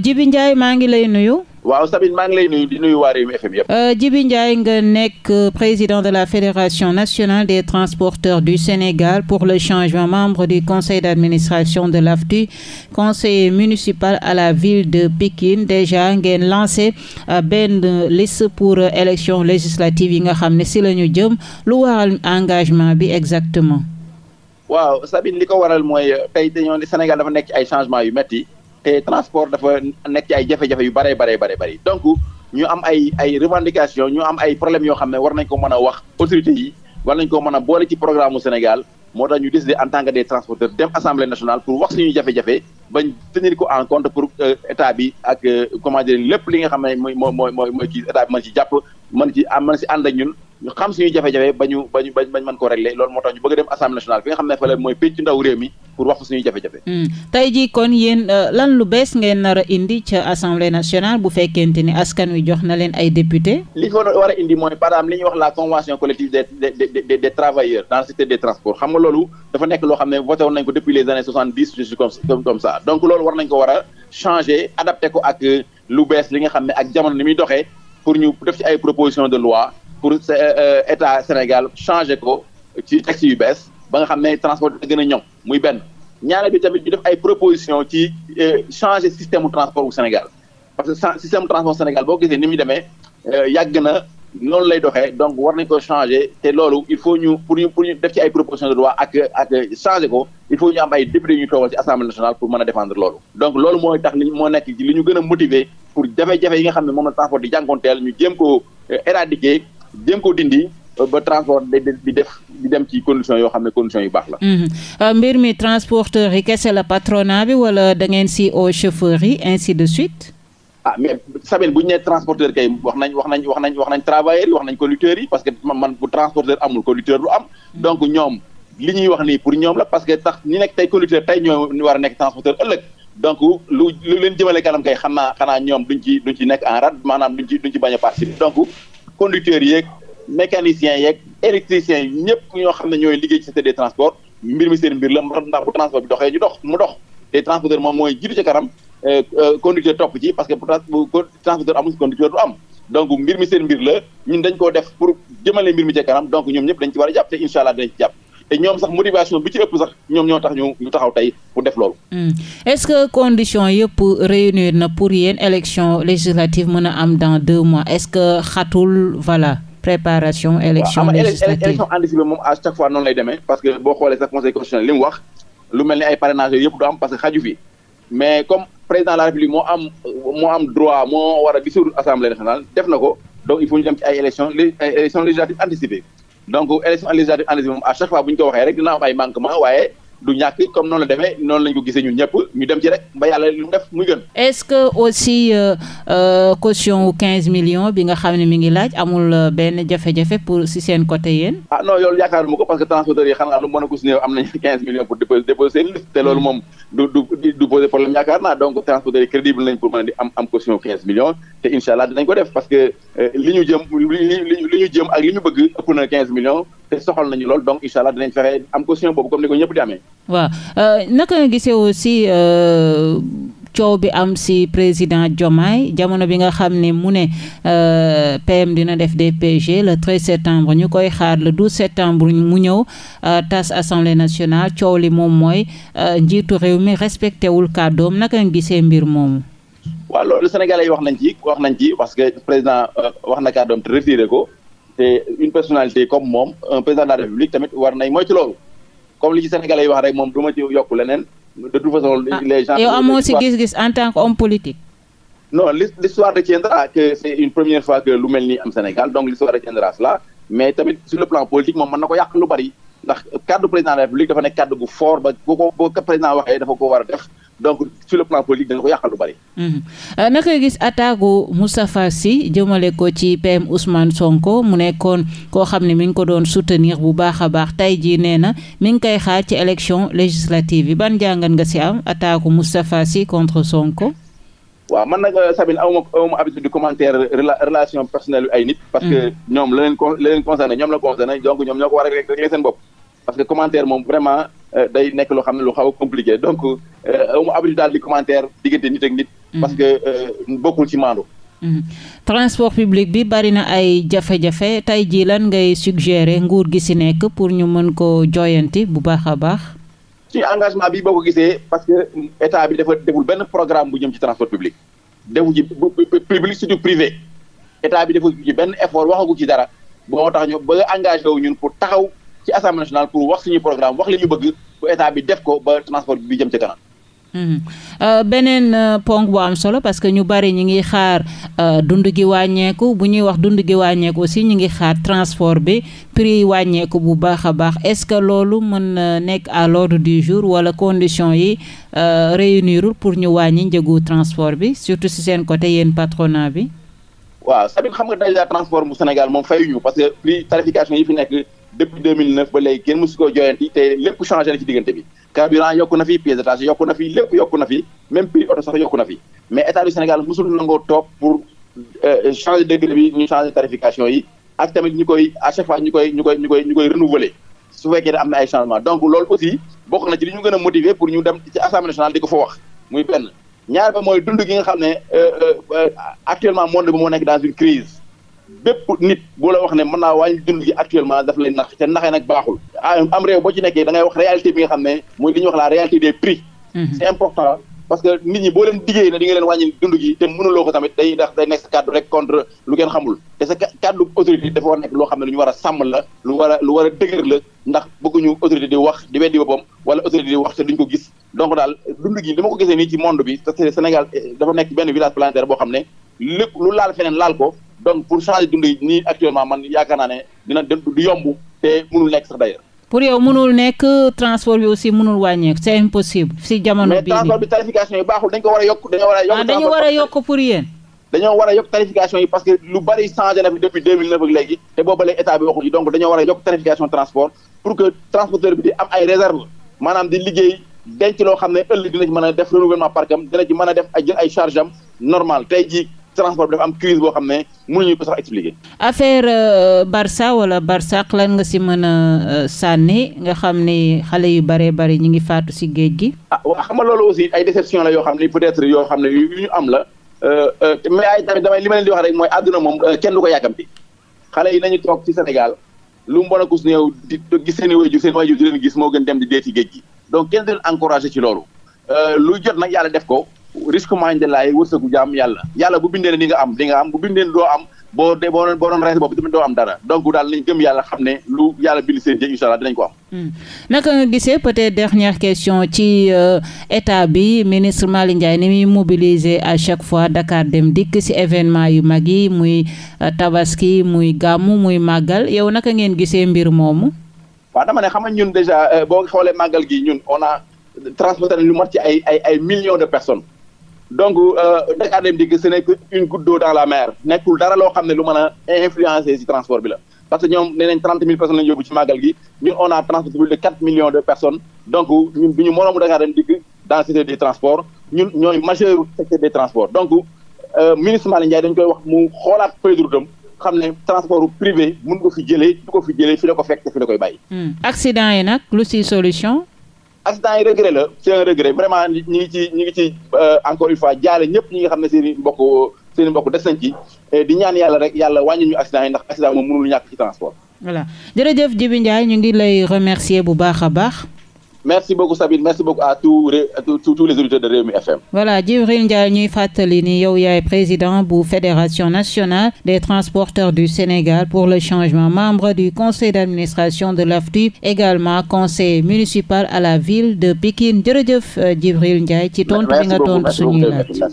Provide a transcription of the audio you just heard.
Djiby Ndiaye maa ngi lay nuyu. waaw Sabine maa ngi lay euh, nga nekk euh, président de la fédération nationale des transporteurs du Sénégal pour le changement membre du conseil d'administration de l'AFTU conseiller municipal à la ville de Pikine déjà ngeen lancé euh, benn liste pour élection législative yi nga xam ne si la ñu jëm lu waral engagement bi exactement. waaw Sabine li ko waral mooy tey dañoo ne ay changements yu métti. te transport dafa nekk ci ay jafe-jafe yu bare bare bare bëri donc ñu am ay ay revendication ñu am ay problèmes yoo xam ne war nañ ko mën a wax autorité yi war nañ ko mën a boole ci programme mu Sénégal moo tax ñu décidé en tant que des transporteurs dem assemblée nationale pour wax suñuy jafe-jafe bañ tenir ko en compte pour euh, état bi ak euh, comment dire lépp li nga xam ne mooy mooy mooy kii état bi mën ci jàpp mën ci mën ci ànd ak ñun ñu xam suñu jafe-jafe ba ñu bañu bañ bañ mën ko régler loolu moo tax ñu bëgg a dem assemblée nationale mooy pénc ndaw réew mi pour wax fa suñuy jafe-jafe hmm. tey jii kon euh, lan lu bees ngeen nar a indi ca assemblée nationale bu fekkente ni askan wi jox na leen ay député li fa war a indi mooy par exemple li ñuy wax la convention collective des des dans le secteur des transports loolu dafa nekk loo xam ne voté woon nañ ko depuis les années soixante dix comme a changer adapté ko lu bees li nga xam ne ak jamono ni muy doxee pour ñu def ay proposition de loi pour euh, euh, état Sénégal changer ko ci taxe yu bees ba nga xam ne transport dina gën a ñoŋ muy benn ñaar bi tamit ñu def ay proposition ci euh, changer système transport bu Sénégal parce que système transport Sénégal boo gisee ni muy demee yàgg na noonu lay doxee donc war nañ ko changer te loolu il faut ñu pour ñu pour def ci ay proposition de loi ak ak changer ko il faut ñu am député ñu toogal ci assemblée nationale pour mën a défendre loolu. donc loolu mooy tax li moo nekk ñu gën moti motiver pour jafe-jafe yi xam ne moom la transport di jànkoonteel ñu jéem ko jéem ko dindi euh, ba transport di def di dem ci condition yoo xam ne condition yu baax la. Mhm. Euh, mbir mi transporteur yi kese la patronat bi wala da ngeen au chauffeur yi ainsi de suite. ah mais bu ñu transporteur kay wax nañ wax yi wax nañ conducteurs yi parce que man bu transporteur amul conducteur du am. Mhm. donc ñoom li ñuy wax nii pour ñoom la parce que tax ñi nekk tey conducteur tey ñoo war a nekk transporteur ëllëg. donc lu leen jëmale kanam kay xanaa ñoom duñ ci duñ ci conducteurs yeeg mécaniciens yeeg électriciens yi ñëpp ñoo xam ne ñooy liggéey ci secteur des transports mbir mi seen mbir la ndax bu transport bi ñu dox mu moom mooy jiitu ci kanam euh, euh, conducteur topp ci parce que transporteur amul si conducteur du am donc mbir mi seen mbir la ñun dañ koo def pour jëmale mbir mi ci kanam donc ñoom ñëpp dañ ci war a jàpp te incha allah ci jàpp te ñoom sax motivation bi ci ëpp sax ñoom ñoo tax ñu ñu taxaw tey pour def loolu. Hmm. est-ce que condition yëpp réunir na pour yéen élection législative mën a am dans deux mois est-ce que xatul voilà. préparation élection législative moom à chaque fois noonu lay demee parce que boo xoolee sax conseil constitutionnel li mu wax lu mel ni ay parrainage yooyu yëpp du am parce que xaju fi mais comme président la république moo am droit moo war a dissoudre assemblée nationale donc élection législative en moom à chaque fois bu ñu ko waxee rek dina am ay manquement waaye du ñàkk comme noonu la demee noonu lañ ko gisee ñun ñëpp ñu dem ci rek ba yàlla lu mu def muy gën. est-ce que aussi euh, euh wu 15 bi nga xam ne mi ngi laaj amul euh, benn jafe-jafe pour si seen côté yéen. ah non yow yaakaaruma ko parce que transporteurs yi xam lu mën a ko si am nañu 15 millions pour déposer te loolu hmm. moom du du yaakaar naa donc transporteurs crédible nañ pour mën di am am caution 15 millions te ko def parce que euh, li ñu jëm li ñu jëm ak li ñu bëgg ëpp na 15 millions te soxal nañu lool donc incha allah dinañ am caution boobu comme ni ko ñëpp di amee. waaw euh, naka nga gisee aussi. Euh, coow bi am si président Diomaye jamono bi nga xam ne mu ne euh, PM dina def DPG le 13 septembre ñu koy xaar le 12 septembre mu ñëw euh, tas assemblée nationale coow li moom mooy euh, njiitu réew mi respecté wul kàddoom naka nga gisee mbir moomu. waaw loolu Sénégalais yi wax nañ ci wax nañ ci parce que président wax na kàddoom te retiré ko te une personnalité comme moom un président de la république tamit war nañ mooy ci loolu comme li ci Sénégalais yi wax rek moom du ma ci yokk leneen. de toute façon. Ah, les gens. yow amoo si gis-gis en tant qu'homme politique. non l'histoire retiendra que c'est une première fois que lu mel nii am Sénégal donc l'histoire retiendra cela tamit sur le plan politique moom mën na ko yàq lu bari ndax cadre président de la République dafa nekk gu fort ba bu ko bu ko président waxee dafa ko war a def. donc ci le plan politique dana ko yàqal lu bari. Mhm. Euh, naka gis attaque gu Moustapha Sy jëmale ko ci PM Ousmane Sonko mu nekkoon koo xam ne mi ngi ko doon soutenir bu baax a baax tey ji nee na mi ngi koy xaar ci élection législative yi ban jàngat nga si am attaque gu Moustapha Sy contre Sonko. waaw man nag Sabine aw ma aw ma habitude du commentaire relation personnelle yu ay nit. parce que mhm. ñoom la leen con la leen concerné ñoom la donc ñoom ñoo ko a régler seen bopp. parce que moom vraiment euh, nekk loo xam ne lu xaw a donc. amu euh, habitude daal di commentaire diggante nit ak nit. Mhm. parce que euh, bokkul ci maandu. Mhm. transport public bi bari na ay jafe-jafe tey jii lan ngay suggérer nguur gi si nekk pour ñu mën ko jooyanti bu baax a baax. ci engagement bi boo ko gisee parce que état bi dafa deful benn programme bu jëm ci transport public. defu ci public surtout privé état bi defu ci benn effort waxagu ci dara boo tax ñu ba engagé wu ñun pour taxaw ci assemblée nationale pour wax suñu programme wax li ñu bëgg bu état bi def ko ba transport bi jëm ci kanam. Mhm. Euh, beneen euh, ponk bu am solo parce que ñu bari ñi ngi xaar euh, dund gi wàññeeku bu ñuy wax dund gi wàññeeku aussi ñu ngi xaar transport bi prix yi wàññeeku bu baax a baax est-ce que loolu mën na nekk à l'ordre du jour wala conditions yi réunirul pour ñu wàññi njëgu transport bi surtout si seen côté yéen patronat bi. waaw Sabine xam nga déjà transport bu Sénégal moom fayuñu parce que prix tarification yi fi nekk depuis 2009 ba léegi kenn mësu ko joyanti te carburant yokku na fi pièces détachées yokk na fi lépp yokku na fi même prix oto sax yokku na fi mais état du Sénégal musul nangoo toog pour euh, changer degré bi ñu changer tarification yi ak tamit ñu koy à chaque fois ñu koy ñu koy ñu koy ñu koy renouveler su fekkee ne am na ay changement donc loolu aussi bokk na ci li ñu gën a motiver pour ñu dem ci assemblée nationale di ko fa wax muy benn ñaar ba mooy dund gi nga xam ne euh, euh, actuellement monde bi moo nekk dans une crise bépp nit boo la wax ne mën naa wàññi dund gi actuellement daf lay nax te naxee nag baaxul am réew boo ci nekkee da ngay wax réalité bi nga xam ne mooy li ñuy wax la réalité des prix. Mhm. c'est important parce que nit ñi boo leen diggee ne di nga leen wàññi dund gi te mënuloo ko tamit day ndax day nekk sa kàddu rek contre lu ngeen xamul te sa kàddu autorité dafa nekk loo xam ne lu ñu war a sàmm la lu war a a ndax bëgguñu autorité di wax di weddi boppam wala autorité di wax te ñu ko gis donc daal dund gi li ma ko gisee nii ci monde bi parce que Sénégal eh, dafa nekk benn village planétaire boo xam ne lépp laal feneen laal ko donc pour changer dund yi actuellement man yaakaar ne dina du yomb te mënul nekk sax d'ailleurs pour yow mënul nekk transport bi aussi mënul wàññeeku c'est impossible si jamono bii transport bi tarification yi baaxul a yokk dañoo war a yokk ah, dañu war a yokk pour yéen dañoo war a yokk tarification parce que lu bari changé na fi depuis 2009 ak léegi te booba léegi état bi waxul donc dañoo war a yokk tarification transport pour que transporteur bi di am ay réserve maanaam di liggéey denc loo xam ne ëllëg dina mën a def renouvellement parc am dina ci mën a def ay jël ay charge am normal tey jii transport bi dafa am crise boo xam ne mënuñu ko sax expliquer. affaire euh, Barça wala Barsaq lan nga si mën a euh, sànni nga xam ni xale yi baree bari ñu ngi faatu si géej gi. ah waa xam nga loolu aussi ay déception la yoo xam ne peut-être yoo xam ne yu ñu am la euh, mais ay tamit damay li ma leen di wax rek mooy àdduna moom kenn du ko yàkkamti xale yi nañu toog ci Sénégal lu mu bon a kus néew di gis seen i waajur seen waajur di leen gis moo gën dem di dee ci géej gi donc kenn du leen encouragé ci loolu lu jot nag yàlla def ko. risque maañ de laay wërsëgu jaam yàlla yàlla bu bindee ni nga am di nga am bu bindee doo am boo de boo doon boo doon rey boobu tamit doo am dara donc daal nañ gëm yàlla xam ne lu yàlla bind seen jëf incha allah dinañ ko am. Hmm. naka nga gisee peut-être dernière question ci euh, état bi ministre Malick Ndiaye ni muy mobiliser à chaque fois Dakar dem dikk ci événement yu mag yi muy euh, tabaski muy gàmmu muy màggal yow naka ngeen gisee mbir moomu. waaw dama ne xam nga ñun déjà euh, boo xoolee màggal gi ñun on a transmettre lu mat ci ay ay ay millions de personnes. donc euh, Dakar Dem Dikk ce n'est qu'une goutte d'eau dans la mer nekkul dara loo xam ne lu mën a ci transport bi la parce que ñoom nee nañ trente mille personnes la ñu yóbbu ci màggal gi ñun on a de quatre millions de personnes donc ñun bi ñu moroomu Dem Dikk dans le secteur des ñun ñooy majeur secteur des transports donc euh, ministre Malick Ndiaye koy wax mu xoolaat feuille de route xam ne transport privé mun ko fi jëlee fi la ko fekk fi la accident yi regret la c'est un regret vraiment ñi ngi ci ñi ngi ci euh, encore une fois jaale ñëpp ñi nga xam ne seen i mbokk seen i mbokk des nañ ci di ñaan yàlla rek yàlla wàññi ñu accident yi ndax accident moom mënul ñàkk ci transport. voilà jërëjëf Djiby ñu ngi lay remercier bu baax a baax. merci beaucoup Sabine merci beaucoup à tous à tous les auditeurs FM. voilà Djibril Ndiaye ñuy fàttali ni yow yaay président bu fédération nationale des transporteurs du Sénégal pour le changement membre du conseil d'administration de l'AFTU également conseil municipal à la ville de Pikine jërëjëf euh, Djibril Ndiaye ci tontu bi nga tontu suñuy